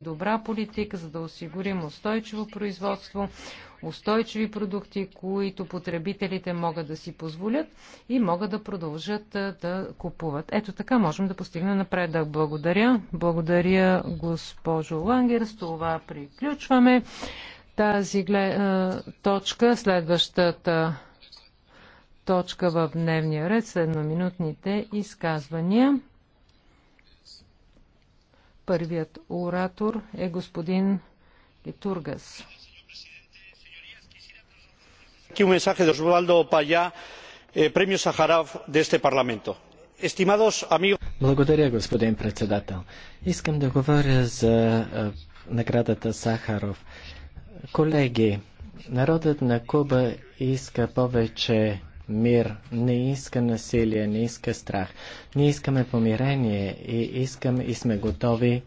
добра политика, за да осигурим устойчиво производство, устойчиви продукти, които потребителите могат да си позволят и могат да продължат да купуват. Ето така можем да постигнем напредък. Благодаря. Благодаря, госпожо Лангер. С това приключваме тази точка. Следващата точка в дневния ред, следноминутните изказвания. Първият оратор е господин Литургас. Aquí Un mensaje de Osvaldo Payá, eh, premio Сахаров de este Parlamento. Estimados amigos. Благодаря, господин председател. Искам да говоря за е, наградата Сахаров. Колеги, народът на Куба иска повече мир, не иска насилие, не иска страх. Ние искаме помирение и искаме и сме готови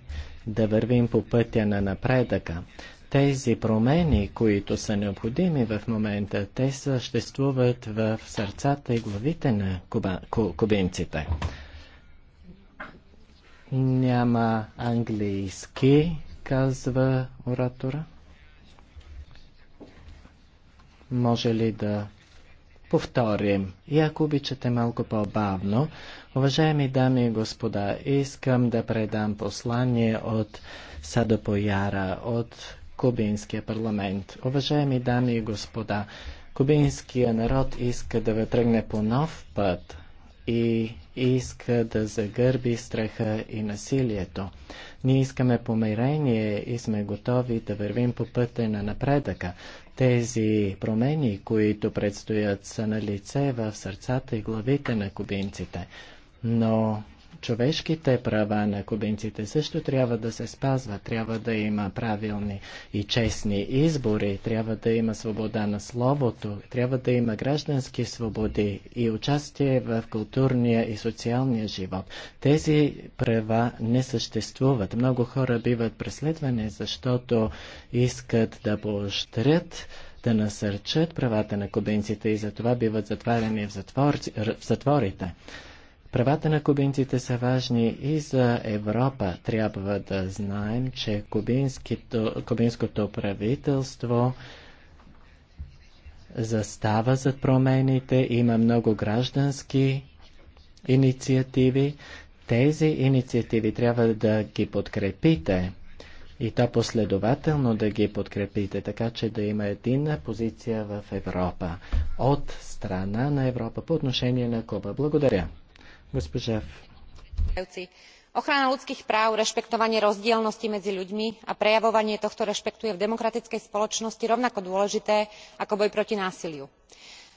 да вървим по пътя на напредъка. Тези промени, които са необходими в момента, те съществуват в сърцата и главите на куба, ку, кубинците. Няма английски, казва оратора. Може ли да повторим. И ако обичате малко по-бавно, уважаеми дами и господа, искам да предам послание от Садопояра от Кубинския парламент. Уважаеми дами и господа, кубинския народ иска да тръгне по нов път и иска да загърби страха и насилието. Ние искаме помирение и сме готови да вървим по пътя на напредъка. Тези промени, които предстоят, са на лице в сърцата и главите на кубинците. Но човешките права на кубинците също трябва да се спазват. Трябва да има правилни и честни избори, трябва да има свобода на словото, трябва да има граждански свободи и участие в културния и социалния живот. Тези права не съществуват. Много хора биват преследвани, защото искат да поощрят да насърчат правата на кубинците и затова биват затваряни в, затвор... в затворите. Правата на кубинците са важни и за Европа. Трябва да знаем, че кубинското правителство застава за промените, има много граждански инициативи. Тези инициативи трябва да ги подкрепите и то последователно да ги подкрепите, така че да има единна позиция в Европа от страна на Европа по отношение на Куба. Благодаря ochrana ľudských práv rešpektovanie rozdielnosti medzi ľuďmi a prejavovanie tohto rešpektu je v demokratickej spoločnosti rovnako dôležité ako boj proti násiliu.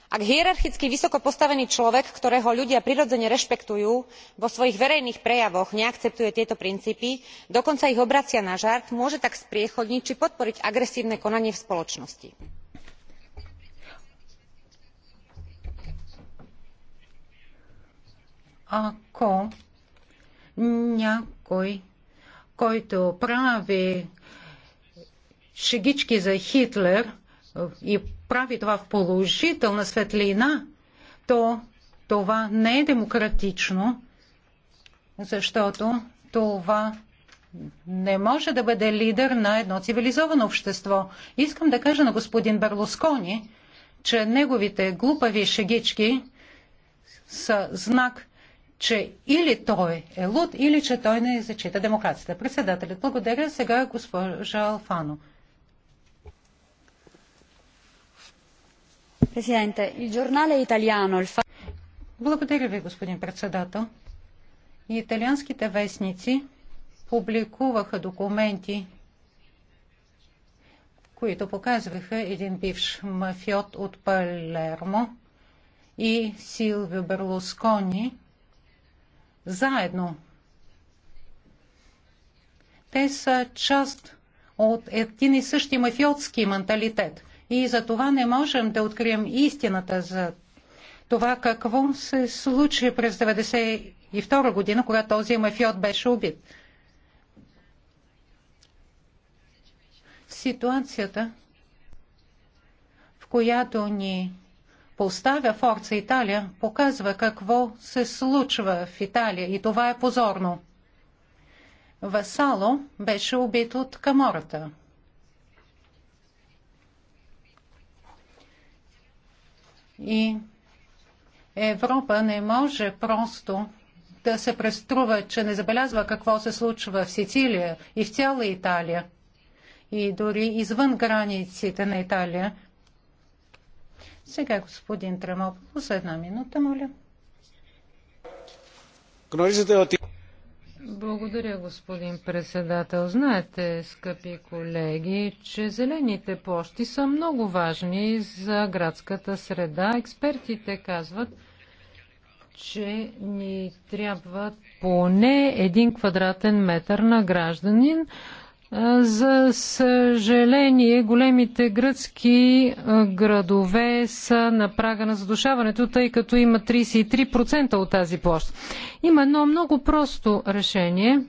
ak hierarchicky vysoko postavený človek ktorého ľudia prirodzene rešpektujú vo svojich verejných prejavoch neakceptuje tieto princípy dokonca ich obracia na žart môže tak spriechodniť či podporiť agresívne konanie v spoločnosti. ако някой, който прави шегички за Хитлер и прави това в положителна светлина, то това не е демократично, защото това не може да бъде лидер на едно цивилизовано общество. Искам да кажа на господин Берлоскони, че неговите глупави шегички са знак че или той е луд, или че той не зачита демокрацията. Председателят, благодаря. Сега госпожа Алфано. Президенте, и журнале Италиано... il Благодаря ви, господин председател. Италианските вестници публикуваха документи, които показваха един бивш мафиот от Палермо и Силвио Берлускони – заедно. Те са част от един и същи мафиотски менталитет. И за това не можем да открием истината за това какво се случи през 1992 година, когато този мафиот беше убит. Ситуацията, в която ни поставя Форца Италия, показва какво се случва в Италия и това е позорно. Васало беше убит от камората. И Европа не може просто да се преструва, че не забелязва какво се случва в Сицилия и в цяла Италия. И дори извън границите на Италия сега господин Трамоп, за една минута, моля. Благодаря, господин председател. Знаете, скъпи колеги, че зелените площи са много важни за градската среда. Експертите казват, че ни трябва поне един квадратен метър на гражданин, за съжаление, големите гръцки градове са на прага на задушаването, тъй като има 33% от тази площ. Има едно много просто решение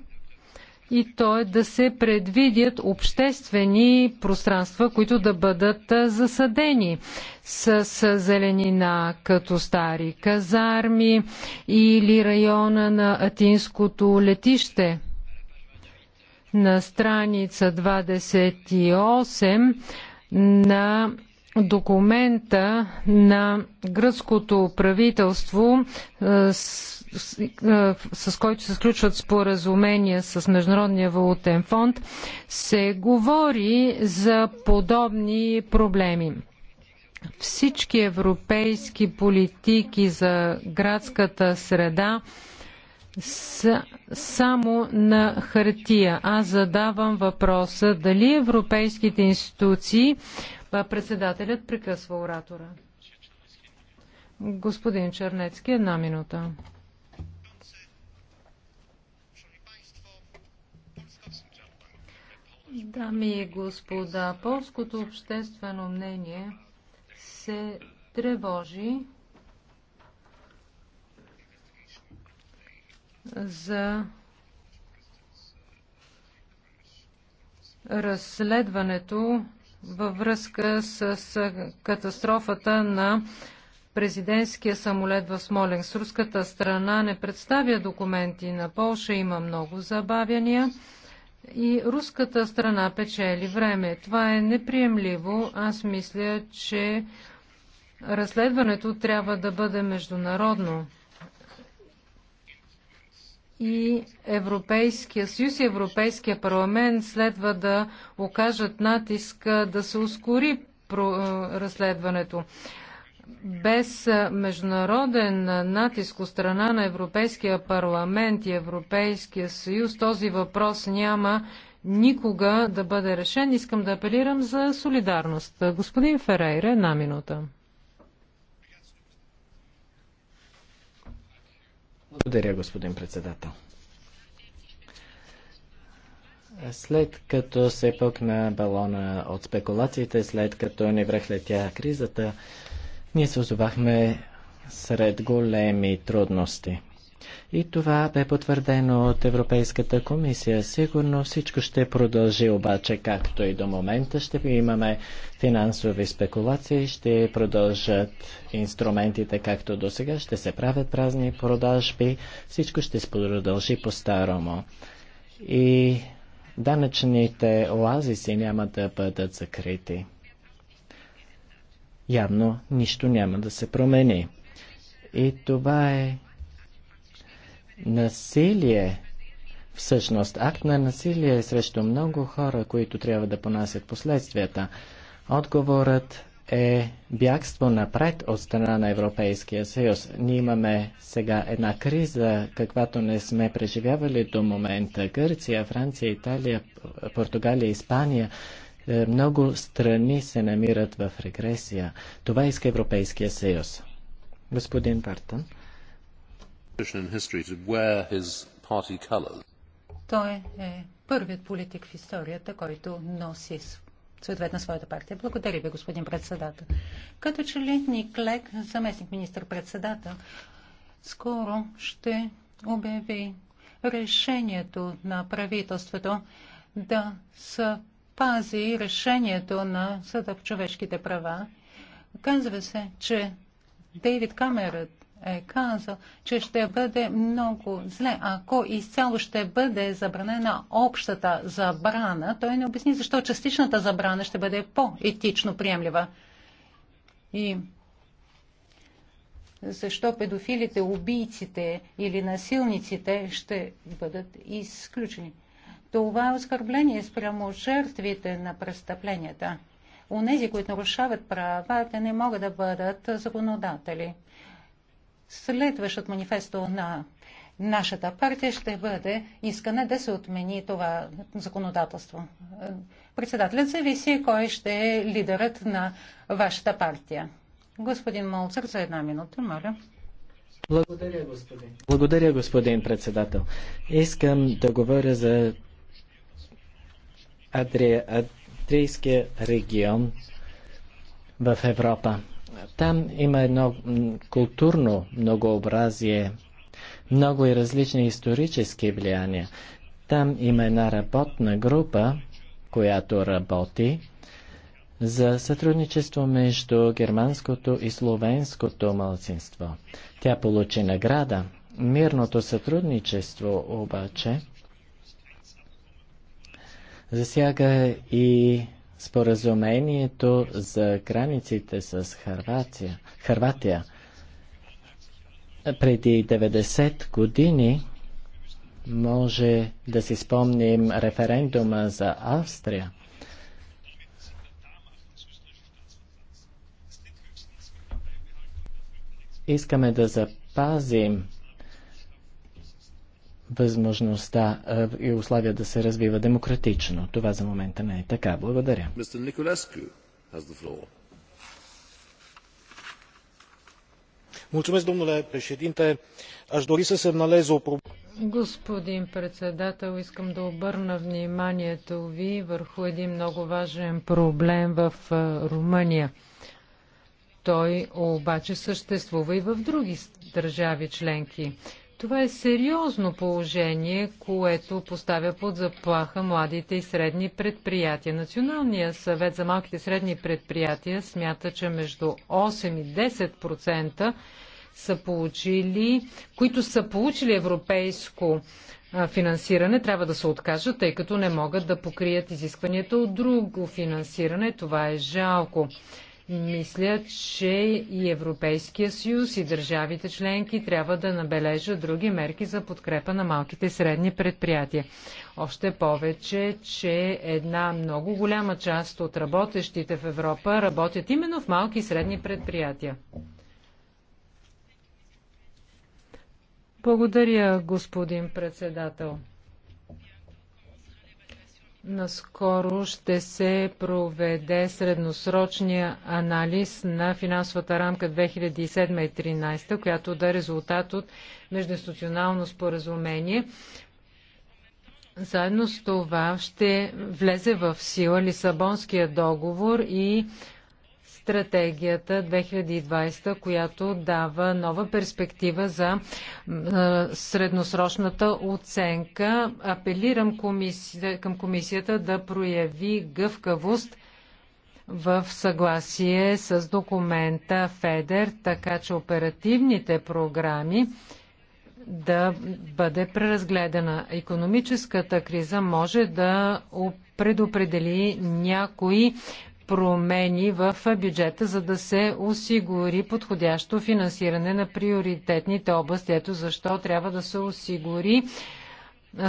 и то е да се предвидят обществени пространства, които да бъдат засадени с зеленина, като стари казарми или района на Атинското летище – на страница 28 на документа на гръцкото правителство, е, с, е, с който се сключват споразумения с Международния валутен фонд, се говори за подобни проблеми. Всички европейски политики за градската среда са само на хартия. Аз задавам въпроса дали европейските институции председателят прекъсва оратора. Господин Чернецки, една минута. Дами и господа, полското обществено мнение се тревожи за разследването във връзка с катастрофата на президентския самолет в Смоленс. Руската страна не представя документи на Полша, има много забавяния и руската страна печели време. Това е неприемливо. Аз мисля, че разследването трябва да бъде международно и Европейския съюз и Европейския парламент следва да окажат натиск да се ускори разследването. Без международен натиск от страна на Европейския парламент и Европейския съюз този въпрос няма никога да бъде решен. Искам да апелирам за солидарност. Господин Ферейре, една минута. Благодаря, господин председател. След като се пъкна балона от спекулациите, след като ни връхлетя кризата, ние се озовахме сред големи трудности. И това бе потвърдено от Европейската комисия. Сигурно всичко ще продължи обаче както и до момента. Ще имаме финансови спекулации, ще продължат инструментите както до сега, ще се правят празни продажби, всичко ще се продължи по-старому. И данъчните оазиси няма да бъдат закрити. Явно нищо няма да се промени. И това е насилие, всъщност акт на насилие срещу много хора, които трябва да понасят последствията. Отговорът е бягство напред от страна на Европейския съюз. Ние имаме сега една криза, каквато не сме преживявали до момента. Гърция, Франция, Италия, Португалия, Испания. Е, много страни се намират в регресия. Това иска Европейския съюз. Господин Партън. Той е първият политик в историята, който носи цветвет на своята партия. Благодаря ви, господин председател. Като че ли Никлек, заместник министр-председател, скоро ще обяви решението на правителството да съпази решението на Съда в човешките права. Казва се, че Дейвид Камерът е казал, че ще бъде много зле, ако изцяло ще бъде забранена общата забрана. Той не обясни защо частичната забрана ще бъде по-етично приемлива. И защо педофилите, убийците или насилниците ще бъдат изключени. Това е оскърбление спрямо жертвите на престъпленията. нези, които нарушават правата, не могат да бъдат законодатели следващото манифесто на нашата партия ще бъде искане да се отмени това законодателство. Председателят зависи кой ще е лидерът на вашата партия. Господин Молцър, за една минута, моля. Благодаря, господин. Благодаря, господин председател. Искам да говоря за Адрия, Адрийския регион в Европа. Там има едно културно многообразие, много и различни исторически влияния. Там има една работна група, която работи за сътрудничество между германското и словенското малцинство. Тя получи награда. Мирното сътрудничество обаче засяга и споразумението за границите с Харватия. Харватия. Преди 90 години може да си спомним референдума за Австрия. Искаме да запазим възможността и условия да се развива демократично. Това за момента не е така. Благодаря. domnule președinte aș dori să semnalez o problemă. Господин председател, искам да обърна вниманието ви върху един много важен проблем в Румъния. Той обаче съществува и в други държави членки. Това е сериозно положение, което поставя под заплаха младите и средни предприятия. Националният съвет за малките и средни предприятия смята, че между 8 и 10% са получили, които са получили европейско финансиране, трябва да се откажат, тъй като не могат да покрият изискванията от друго финансиране. Това е жалко. Мисля, че и Европейския съюз и държавите членки трябва да набележат други мерки за подкрепа на малките и средни предприятия. Още повече, че една много голяма част от работещите в Европа работят именно в малки и средни предприятия. Благодаря, господин председател. Наскоро ще се проведе средносрочния анализ на финансовата рамка 2007-2013, която да е резултат от междуинституционално споразумение. Заедно с това ще влезе в сила Лисабонския договор и стратегията 2020, която дава нова перспектива за средносрочната оценка. Апелирам към комисията да прояви гъвкавост в съгласие с документа ФЕДЕР, така че оперативните програми да бъде преразгледана. Економическата криза може да предопредели някои промени в бюджета, за да се осигури подходящо финансиране на приоритетните области. Ето защо трябва да се осигури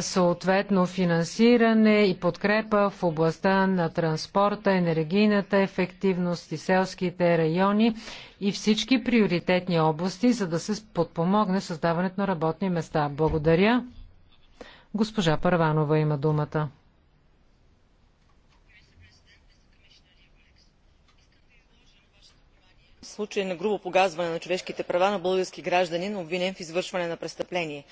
съответно финансиране и подкрепа в областта на транспорта, енергийната ефективност и селските райони и всички приоритетни области, за да се подпомогне създаването на работни места. Благодаря. Госпожа Първанова има думата. случай на грубо погазване на човешките права на български гражданин обвинен в извършване на престъпление.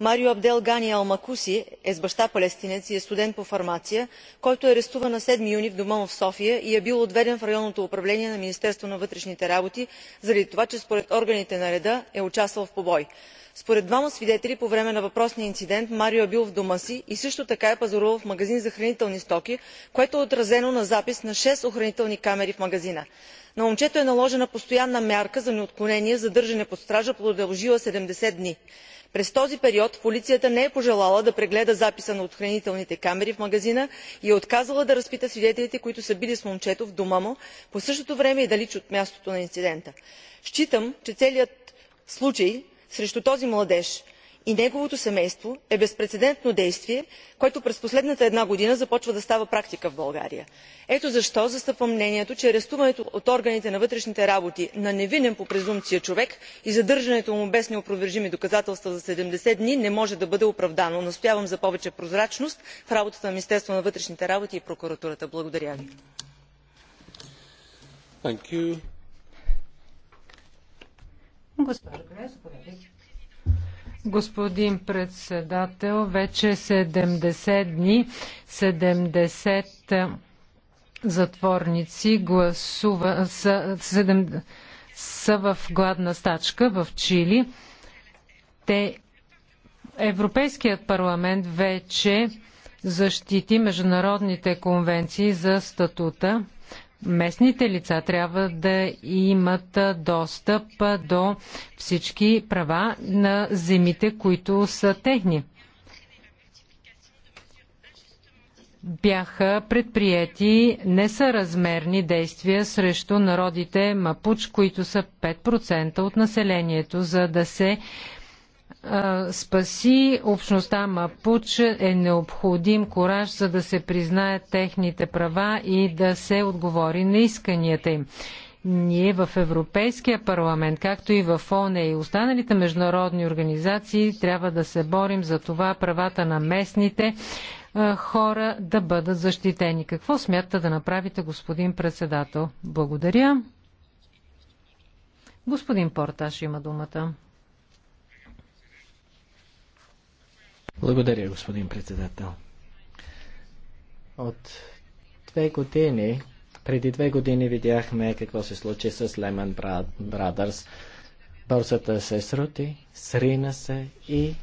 марио абдел гани ал макуси е с баща палестинец и е студент по фармация който е арестуван на седем юни в дома му в софия и е бил отведен в районното управление на министерството на вътрешните работи заради това че според органите на реда е участвал в побой. според двама свидетели по време на въпросния инцидент марио е бил в дома си и също така е пазарувал в магазин за хранителни стоки което е отразено на запис на шест охранителни камери в магазина на момчето е наложена постоянна мярка за неотклонение задържане под стража продължила седемдесет дни. през този период полицията не е пожелала да прегледа записа на охранителните камери в магазина и е отказала да разпита свидетелите които са били с момчето в дома му по същото време и далеч от мястото на инцидента. считам че целият случай срещу този младеж и неговото семейство е безпрецедентно действие което през последната една година започва да става практика в българия. ето защо застъпвам мнението че арестуването от органите на вътрешните работи на невинен по презумпция човек и задържането му без неопровержими доказателства за седемдесет дни не може да бъде оправдано. настоявам за повече прозрачност в работата на министерството на вътрешните работи и прокуратурата. благодаря ви. Господин председател, вече 70 дни, 70 затворници гласува, са, 7, са в гладна стачка в Чили. Те, Европейският парламент вече защити международните конвенции за статута местните лица трябва да имат достъп до всички права на земите, които са техни. Бяха предприяти несъразмерни действия срещу народите Мапуч, които са 5% от населението, за да се спаси общността Мапуче е необходим кораж, за да се признаят техните права и да се отговори на исканията им. Ние в Европейския парламент, както и в ОНЕ и останалите международни организации, трябва да се борим за това правата на местните хора да бъдат защитени. Какво смятате да направите, господин председател? Благодаря. Господин Порташ има думата. Благодаря, господин председател. От две години, преди две години видяхме какво се случи с Lehman Brothers. Борсата се срути, срина се и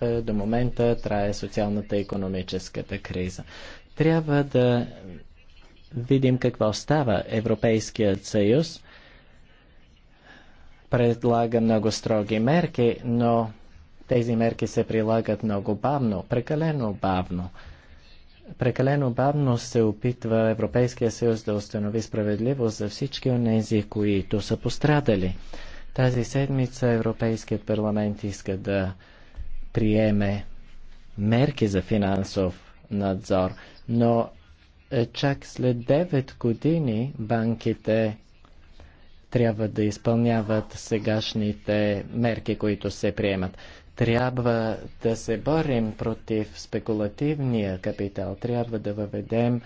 е, до момента трае социалната и економическата криза. Трябва да видим какво става. Европейският съюз предлага много строги мерки, но тези мерки се прилагат много бавно, прекалено бавно. Прекалено бавно се опитва Европейския съюз да установи справедливост за всички от тези, които са пострадали. Тази седмица Европейският парламент иска да приеме мерки за финансов надзор, но е, чак след 9 години банките трябва да изпълняват сегашните мерки, които се приемат. Трябва да се борим против спекулативния капитал. Трябва да въведем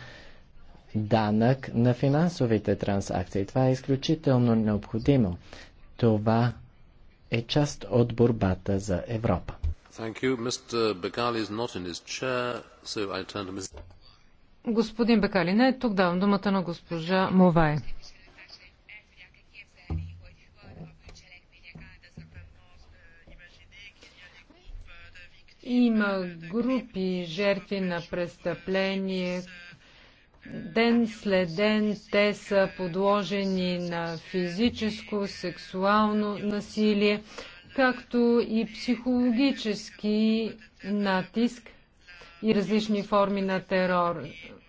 данък на финансовите транзакции. Това е изключително необходимо. Това е част от борбата за Европа. Господин Бекали не е тук. Давам думата на госпожа Мовай. Има групи жертви на престъпление. Ден след ден те са подложени на физическо, сексуално насилие, както и психологически натиск и различни форми на терор.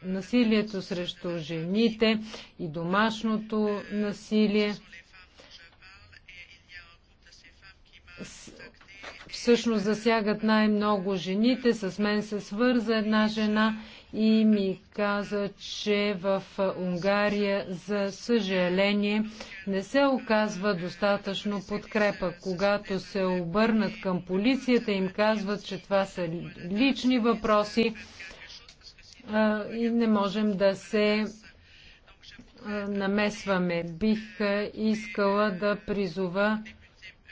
Насилието срещу жените и домашното насилие – всъщност засягат най-много жените. С мен се свърза една жена и ми каза, че в Унгария, за съжаление, не се оказва достатъчно подкрепа. Когато се обърнат към полицията, им казват, че това са лични въпроси и не можем да се намесваме. Бих искала да призова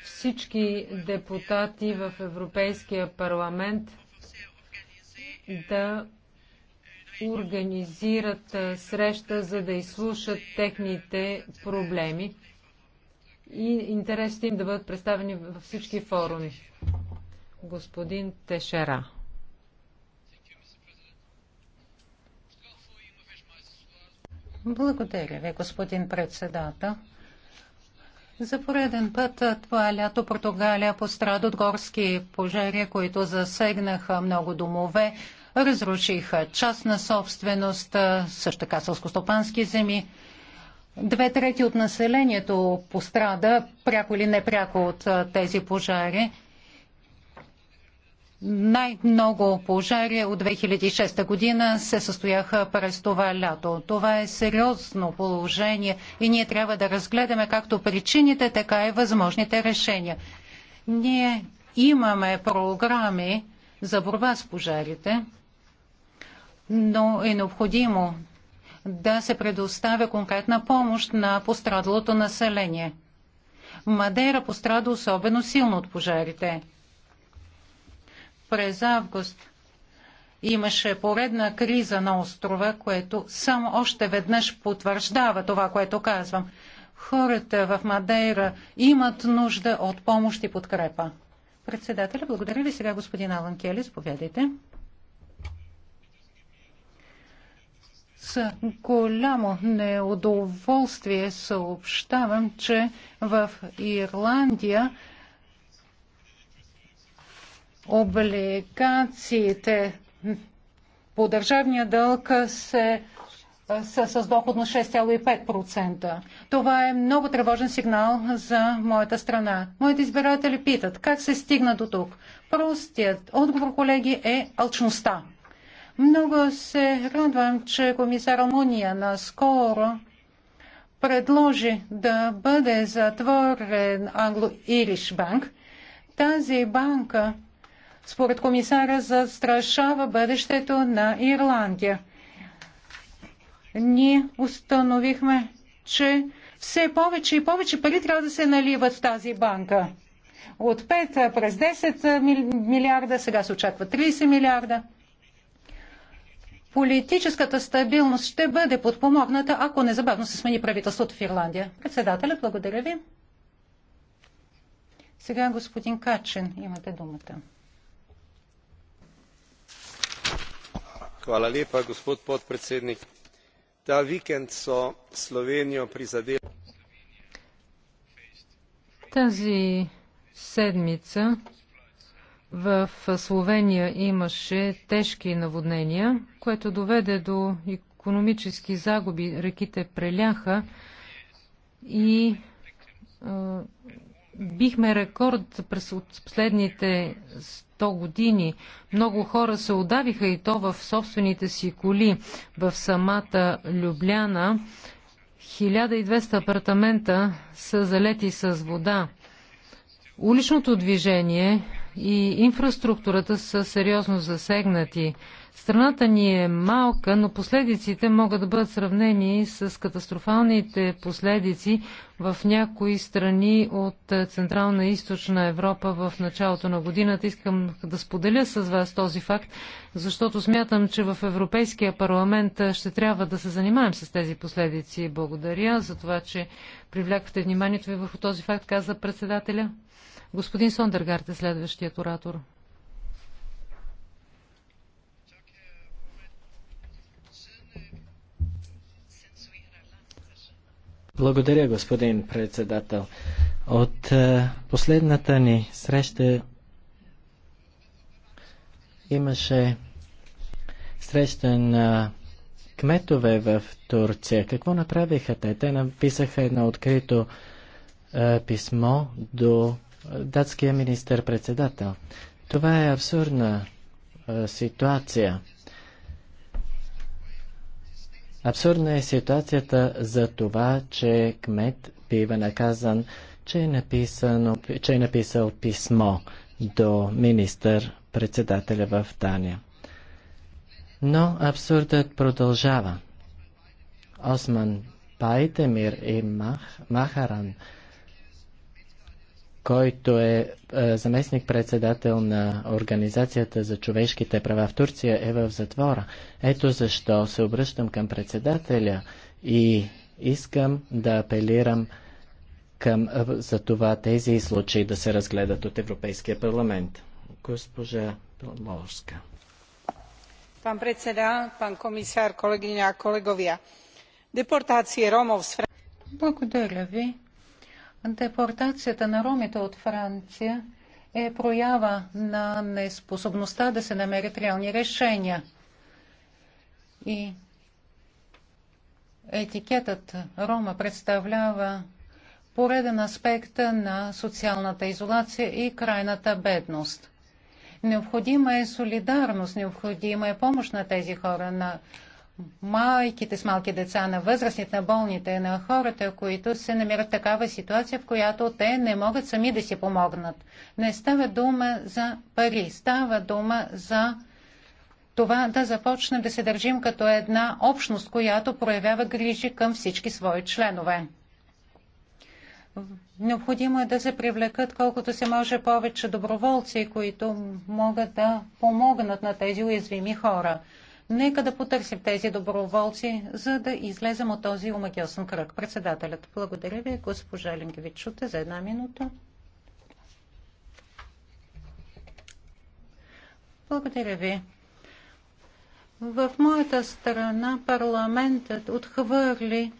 всички депутати в Европейския парламент да организират среща, за да изслушат техните проблеми и интересите им да бъдат представени във всички форуми. Господин Тешера. Благодаря ви, господин председател. За пореден път това лято Португалия пострада от горски пожари, които засегнаха много домове, разрушиха частна собственост, също така сълскостопански земи. Две трети от населението пострада пряко или непряко от тези пожари – най-много пожари от 2006 година се състояха през това лято. Това е сериозно положение и ние трябва да разгледаме както причините, така и възможните решения. Ние имаме програми за борба с пожарите, но е необходимо да се предоставя конкретна помощ на пострадалото население. Мадейра пострада особено силно от пожарите през август имаше поредна криза на острова, което само още веднъж потвърждава това, което казвам. Хората в Мадейра имат нужда от помощ и подкрепа. Председателя, благодаря ви сега господин Алан Келис, заповядайте. С голямо неудоволствие съобщавам, че в Ирландия облигациите по държавния дълг се са с доход на 6,5%. Това е много тревожен сигнал за моята страна. Моите избиратели питат как се стигна до тук. Простият отговор, колеги, е алчността. Много се радвам, че комисар Алмуния наскоро предложи да бъде затворен англо-ириш банк. Тази банка според комисара, застрашава бъдещето на Ирландия. Ние установихме, че все повече и повече пари трябва да се наливат в тази банка. От 5 през 10 милиарда, сега се очаква 30 милиарда. Политическата стабилност ще бъде подпомогната, ако незабавно се смени правителството в Ирландия. Председателя, благодаря ви. Сега господин Качин, имате думата. gospod podpredsednik. Ta vikend so Slovenijo prizadele. Тази седмица в Словения имаше тежки наводнения, което доведе до економически загуби. Реките преляха и бихме рекорд през последните 100 години. Много хора се отдавиха и то в собствените си коли в самата Любляна. 1200 апартамента са залети с вода. Уличното движение и инфраструктурата са сериозно засегнати. Страната ни е малка, но последиците могат да бъдат сравнени с катастрофалните последици в някои страни от Централна и Източна Европа в началото на годината. Искам да споделя с вас този факт, защото смятам, че в Европейския парламент ще трябва да се занимаем с тези последици. Благодаря за това, че привлякате вниманието ви върху този факт, каза председателя. Господин Сондергард е следващият оратор. Благодаря, господин председател. От е, последната ни среща имаше среща на кметове в Турция. Какво направиха те? Те написаха едно открито е, писмо до датския министър-председател. Това е абсурдна а, ситуация. Абсурдна е ситуацията за това, че кмет бива наказан, че е, написано, че е написал писмо до министър-председателя в Дания. Но абсурдът продължава. Осман Пайтемир и Мах, Махаран – който е, е заместник-председател на Организацията за човешките права в Турция, е в затвора. Ето защо се обръщам към председателя и искам да апелирам към, е, за това тези случаи да се разгледат от Европейския парламент. Госпожа Молска. Пан председа, пан комисар, колегиня, колеговия. Депортация ромов с Благодаря ви. Депортацията на ромите от Франция е проява на неспособността да се намерят реални решения. И етикетът Рома представлява пореден аспект на социалната изолация и крайната бедност. Необходима е солидарност, необходима е помощ на тези хора, на майките с малки деца, на възрастните, на болните, на хората, които се намират в такава ситуация, в която те не могат сами да си помогнат. Не става дума за пари, става дума за това да започнем да се държим като една общност, която проявява грижи към всички свои членове. Необходимо е да се привлекат колкото се може повече доброволци, които могат да помогнат на тези уязвими хора. Нека да потърсим тези доброволци, за да излезем от този омагиосен кръг. Председателят, благодаря ви, госпожа чуте за една минута. Благодаря ви. В моята страна парламентът отхвърли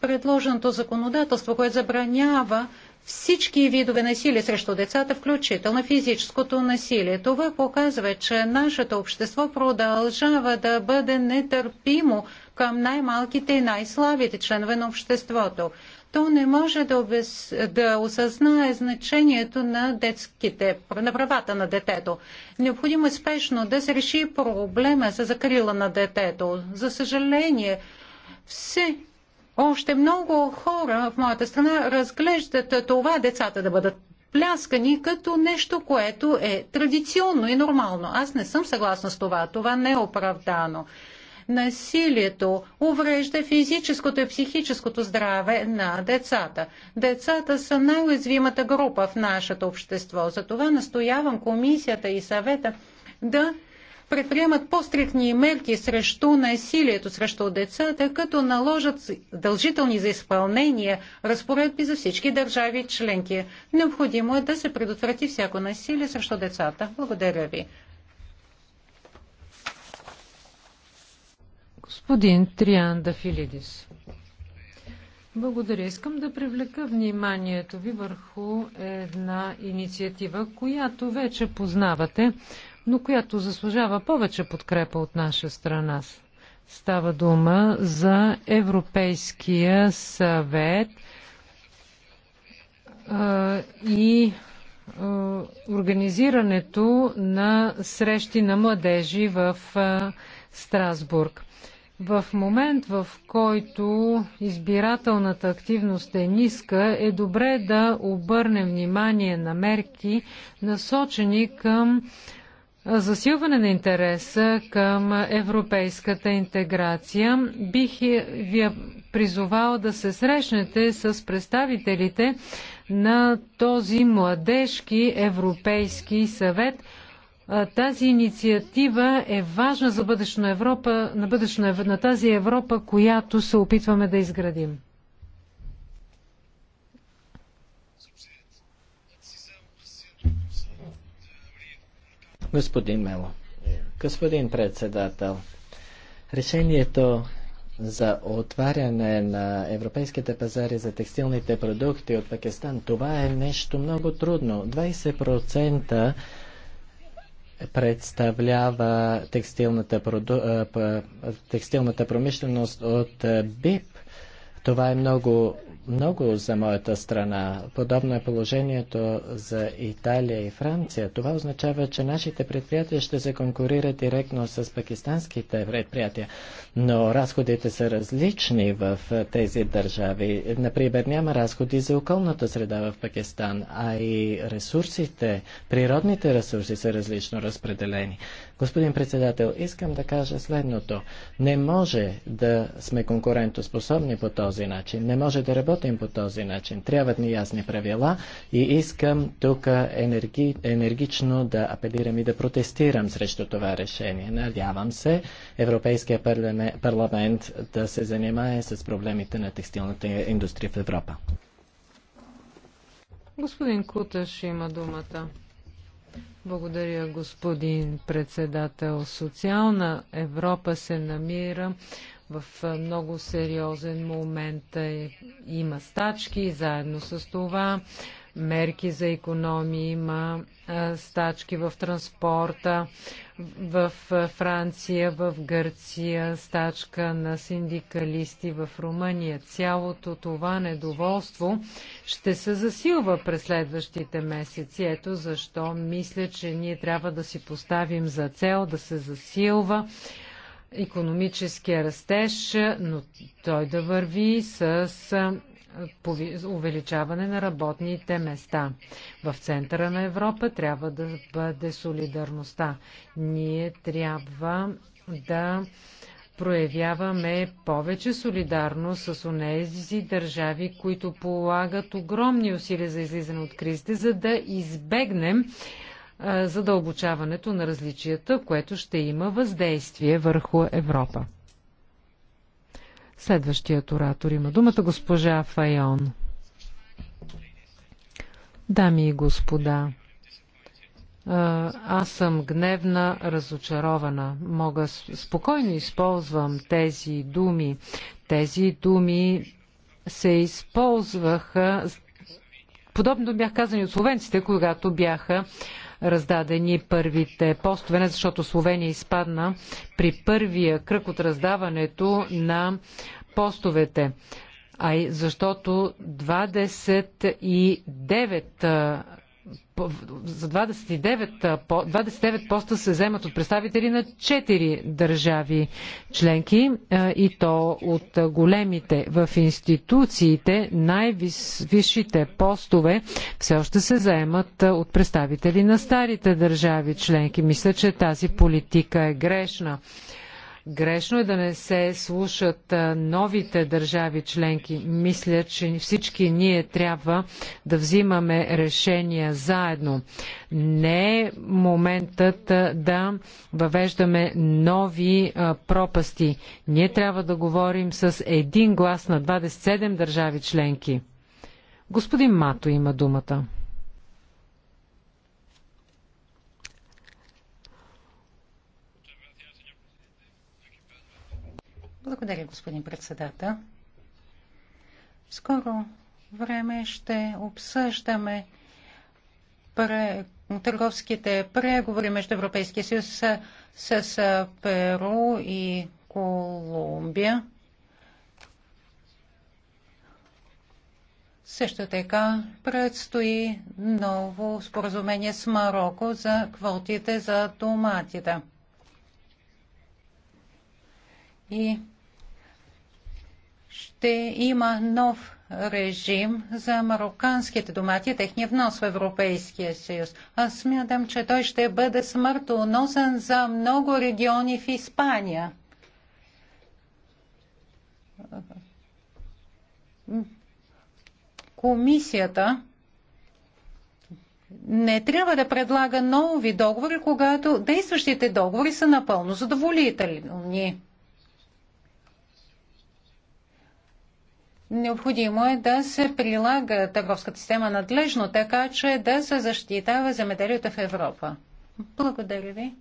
предложеното законодателство, което забранява всички видове насилие срещу децата, включително физическото насилие. Това показва, че нашето общество продължава да бъде нетърпимо към най-малките и най-слабите членове на обществото. То не може да, обез... да осъзнае значението на детските, на правата на детето. Необходимо е спешно да се реши проблема за закрила на детето. За съжаление, все още много хора в моята страна разглеждат това децата да бъдат пляскани като нещо, което е традиционно и нормално. Аз не съм съгласна с това. Това не е оправдано. Насилието уврежда физическото и психическото здраве на децата. Децата са най-уязвимата група в нашето общество. Затова настоявам комисията и съвета да предприемат по стрихни мерки срещу насилието срещу децата, като наложат дължителни за изпълнение разпоредби за всички държави членки. Необходимо е да се предотврати всяко насилие срещу децата. Благодаря ви. Господин Триан Дафилидис. Благодаря. Искам да привлека вниманието ви върху една инициатива, която вече познавате но която заслужава повече подкрепа от наша страна. Става дума за Европейския съвет а, и а, организирането на срещи на младежи в а, Страсбург. В момент, в който избирателната активност е ниска, е добре да обърнем внимание на мерки, насочени към засилване на интереса към европейската интеграция. Бих ви призовал да се срещнете с представителите на този младежки европейски съвет. Тази инициатива е важна за бъдещето на Европа, на, бъдещето на тази Европа, която се опитваме да изградим. Господин Мело, господин председател, решението за отваряне на европейските пазари за текстилните продукти от Пакистан, това е нещо много трудно. 20% представлява текстилната, проду... текстилната промишленост от БИП. Това е много много за моята страна. Подобно е положението за Италия и Франция. Това означава, че нашите предприятия ще се конкурират директно с пакистанските предприятия. Но разходите са различни в тези държави. Например, няма разходи за околната среда в Пакистан, а и ресурсите, природните ресурси са различно разпределени. Господин председател, искам да кажа следното. Не може да сме конкурентоспособни по този начин. Не може да работим по този начин. Трябват ни ясни правила и искам тук енерги, енергично да апелирам и да протестирам срещу това решение. Надявам се Европейския парламент, да се занимае с проблемите на текстилната индустрия в Европа. Господин Куташ има думата. Благодаря, господин председател. Социална Европа се намира в много сериозен момент. Е, има стачки, заедно с това мерки за економии, има стачки в транспорта, в Франция, в Гърция, стачка на синдикалисти в Румъния. Цялото това недоволство ще се засилва през следващите месеци. Ето защо мисля, че ние трябва да си поставим за цел да се засилва економическия растеж, но той да върви с увеличаване на работните места. В центъра на Европа трябва да бъде солидарността. Ние трябва да проявяваме повече солидарност с онези държави, които полагат огромни усилия за излизане от кризите, за да избегнем задълбочаването на различията, което ще има въздействие върху Европа. Следващият оратор има думата госпожа Файон. Дами и господа, аз съм гневна, разочарована. Мога спокойно използвам тези думи. Тези думи се използваха. Подобно бях казани от словенците, когато бяха раздадени първите постове, не защото Словения изпадна при първия кръг от раздаването на постовете а защото 29 за 29, 29 поста се вземат от представители на 4 държави членки и то от големите в институциите най-висшите постове все още се заемат от представители на старите държави членки. Мисля, че тази политика е грешна. Грешно е да не се слушат новите държави членки. Мисля, че всички ние трябва да взимаме решения заедно. Не е моментът да въвеждаме нови пропасти. Ние трябва да говорим с един глас на 27 държави членки. Господин Мато има думата. Благодаря, господин председател. скоро време ще обсъждаме търговските преговори между Европейския съюз с, с, с Перу и Колумбия. Също така предстои ново споразумение с Марокко за квотите за томатите и ще има нов режим за марокканските домати, техния внос в Европейския съюз. Аз смятам, че той ще бъде смъртоносен за много региони в Испания. Комисията не трябва да предлага нови договори, когато действащите договори са напълно задоволителни. Необходимо е да се прилага търговската система надлежно, така че да се защитава земеделието в Европа. Благодаря ви.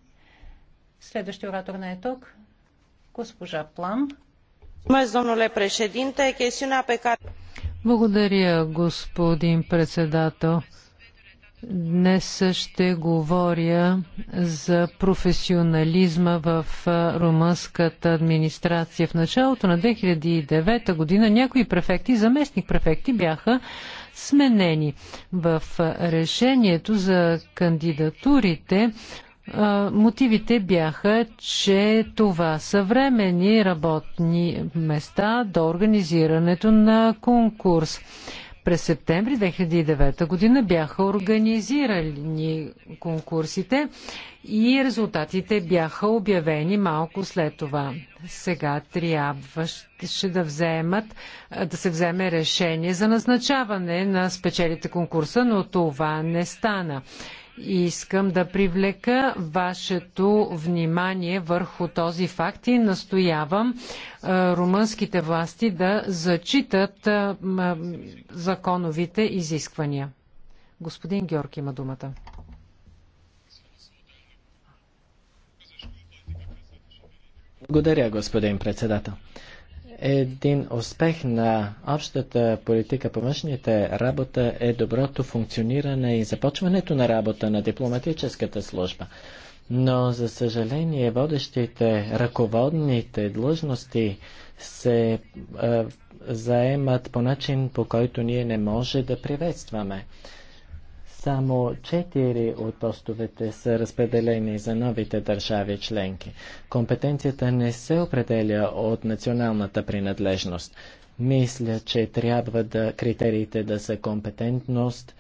Следващия оратор не е тук. Госпожа Плам. Благодаря, господин председател. Днес ще говоря за професионализма в румънската администрация. В началото на 2009 година някои префекти, заместник префекти бяха сменени. В решението за кандидатурите мотивите бяха, че това са временни работни места до организирането на конкурс. През септември 2009 година бяха организирани конкурсите и резултатите бяха обявени малко след това. Сега трябваше да вземат, да се вземе решение за назначаване на спечелите конкурса, но това не стана. Искам да привлека вашето внимание върху този факт и настоявам е, румънските власти да зачитат е, е, законовите изисквания. Господин Георг има думата. Благодаря, господин председател един успех на общата политика по външните работа е доброто функциониране и започването на работа на дипломатическата служба. Но, за съжаление, водещите, ръководните длъжности се е, заемат по начин, по който ние не може да приветстваме. Само четири от постовете са разпределени за новите държави членки. Компетенцията не се определя от националната принадлежност. Мисля, че трябва да критериите да са компетентност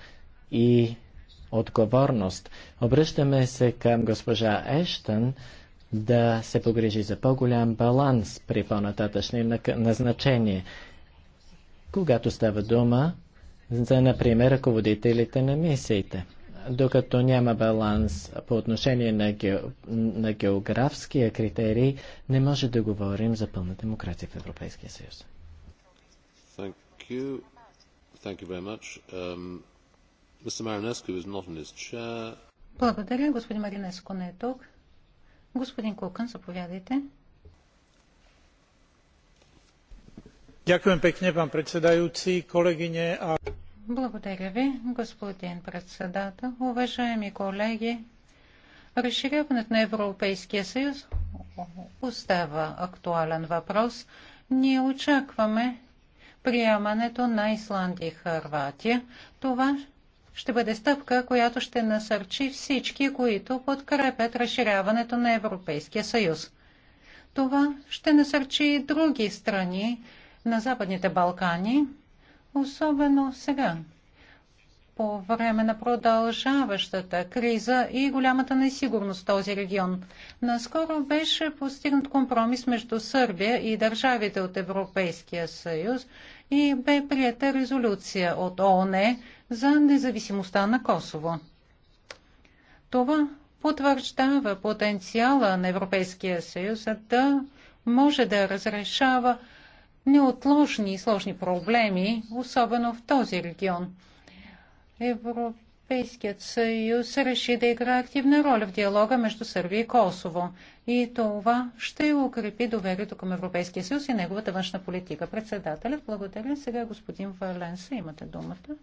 и отговорност. Обръщаме се към госпожа Ештън да се погрижи за по-голям баланс при по-нататъчни назначения. Когато става дума за, например, ръководителите на мисиите. Докато няма баланс по отношение на, ге... на географския критерий, не може да говорим за пълна демокрация в Европейския съюз. Thank you. Thank you very much. Um, Mr. Marinescu is not in his chair. Благодаря. Господин Маринеско не е тук. Господин Кукън, заповядайте. Дякуем пекне, пан predsedajúci, kolegyne a... Благодаря ви, господин председател. Уважаеми колеги, разширяването на Европейския съюз остава актуален въпрос. Ние очакваме приемането на Исландия и Харватия. Това ще бъде стъпка, която ще насърчи всички, които подкрепят разширяването на Европейския съюз. Това ще насърчи и други страни на Западните Балкани особено сега, по време на продължаващата криза и голямата несигурност в този регион. Наскоро беше постигнат компромис между Сърбия и държавите от Европейския съюз и бе прията резолюция от ООН за независимостта на Косово. Това потвърждава потенциала на Европейския съюз да може да разрешава неотложни и сложни проблеми, особено в този регион. Европейският съюз реши да играе активна роля в диалога между Сърбия и Косово и това ще укрепи доверието към Европейския съюз и неговата външна политика. Председателят, благодаря. Сега господин Валенса, имате думата.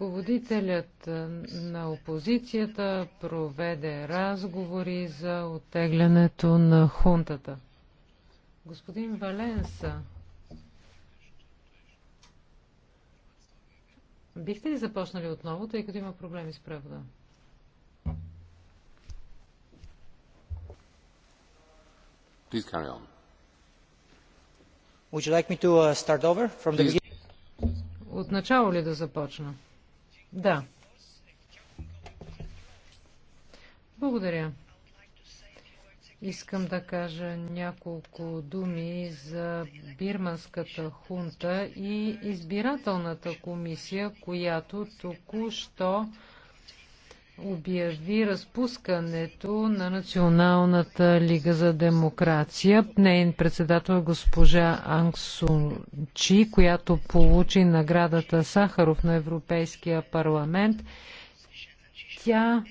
Ръководителят на опозицията проведе разговори за оттеглянето на хунтата. Господин Валенса, бихте ли започнали отново, тъй като има проблеми с превода? Please carry on. Would you like me to uh, start over from the beginning? От начало ли да започна? Да. Благодаря. Искам да кажа няколко думи за бирманската хунта и избирателната комисия, която току-що обяви разпускането на Националната лига за демокрация. Нейн председател е госпожа Анг Сунчи, която получи наградата Сахаров на Европейския парламент. Тя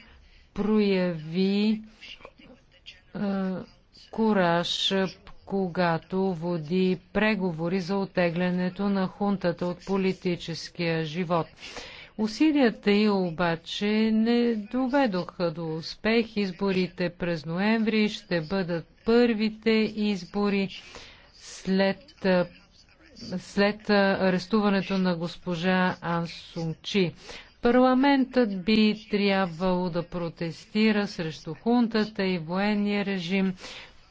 прояви е, кураж, когато води преговори за отеглянето на хунтата от политическия живот. Усилията й обаче не доведоха до успех. Изборите през ноември ще бъдат първите избори след, след арестуването на госпожа Ан Парламентът би трябвало да протестира срещу хунтата и военния режим,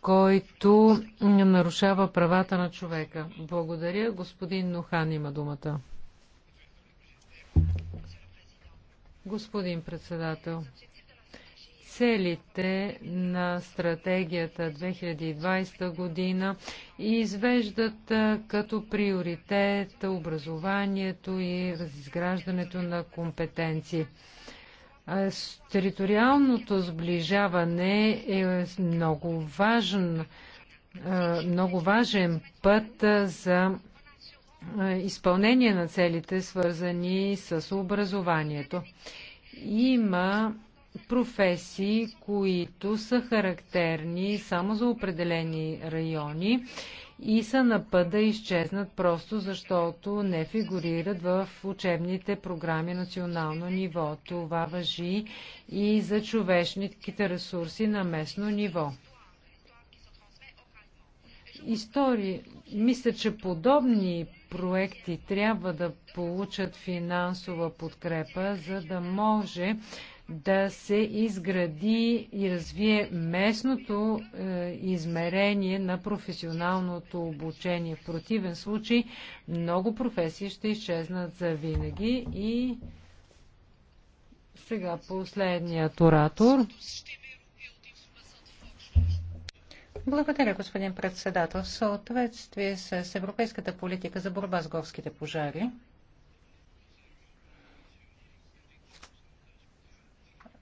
който нарушава правата на човека. Благодаря. Господин Нохан има думата. Господин председател, целите на стратегията 2020 година извеждат като приоритет образованието и разизграждането на компетенции. Териториалното сближаване е много важен, много важен път за изпълнение на целите, свързани с образованието. Има професии, които са характерни само за определени райони и са на път да изчезнат просто защото не фигурират в учебните програми национално ниво. Това въжи и за човешните ресурси на местно ниво. Истории. Мисля, че подобни проекти трябва да получат финансова подкрепа, за да може да се изгради и развие местното е, измерение на професионалното обучение. В противен случай много професии ще изчезнат за винаги и сега последният оратор. Благодаря, господин председател. В съответствие с европейската политика за борба с горските пожари,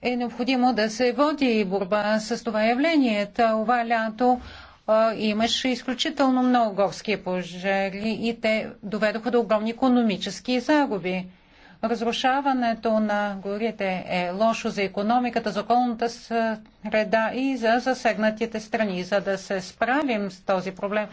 е необходимо да се води борба с това явление. Това лято имаше изключително много горски пожари и те доведоха до огромни економически загуби. Разрушаването на горите е лошо за економиката, за околната среда и за засегнатите страни. За да се справим с този проблем,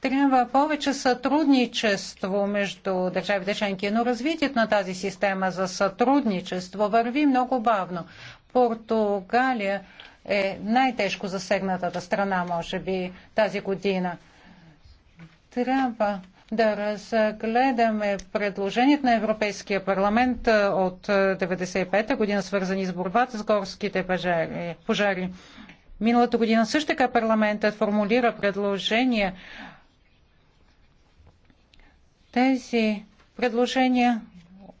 трябва повече сътрудничество между държавите членки, но развитието на тази система за сътрудничество върви много бавно. Португалия е най-тежко засегнатата страна, може би, тази година. Трябва да разгледаме предложението на Европейския парламент от 1995 година, свързани с борбата с горските пожари. Миналата година също така парламентът формулира предложения. Тези предложения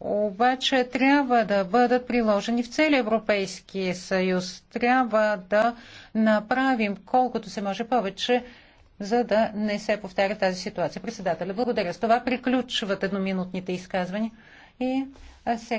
обаче трябва да бъдат приложени в цели Европейския съюз. Трябва да направим колкото се може повече за да не се повтаря тази ситуация. Председателя, благодаря. С това приключват едноминутните изказвания. И сега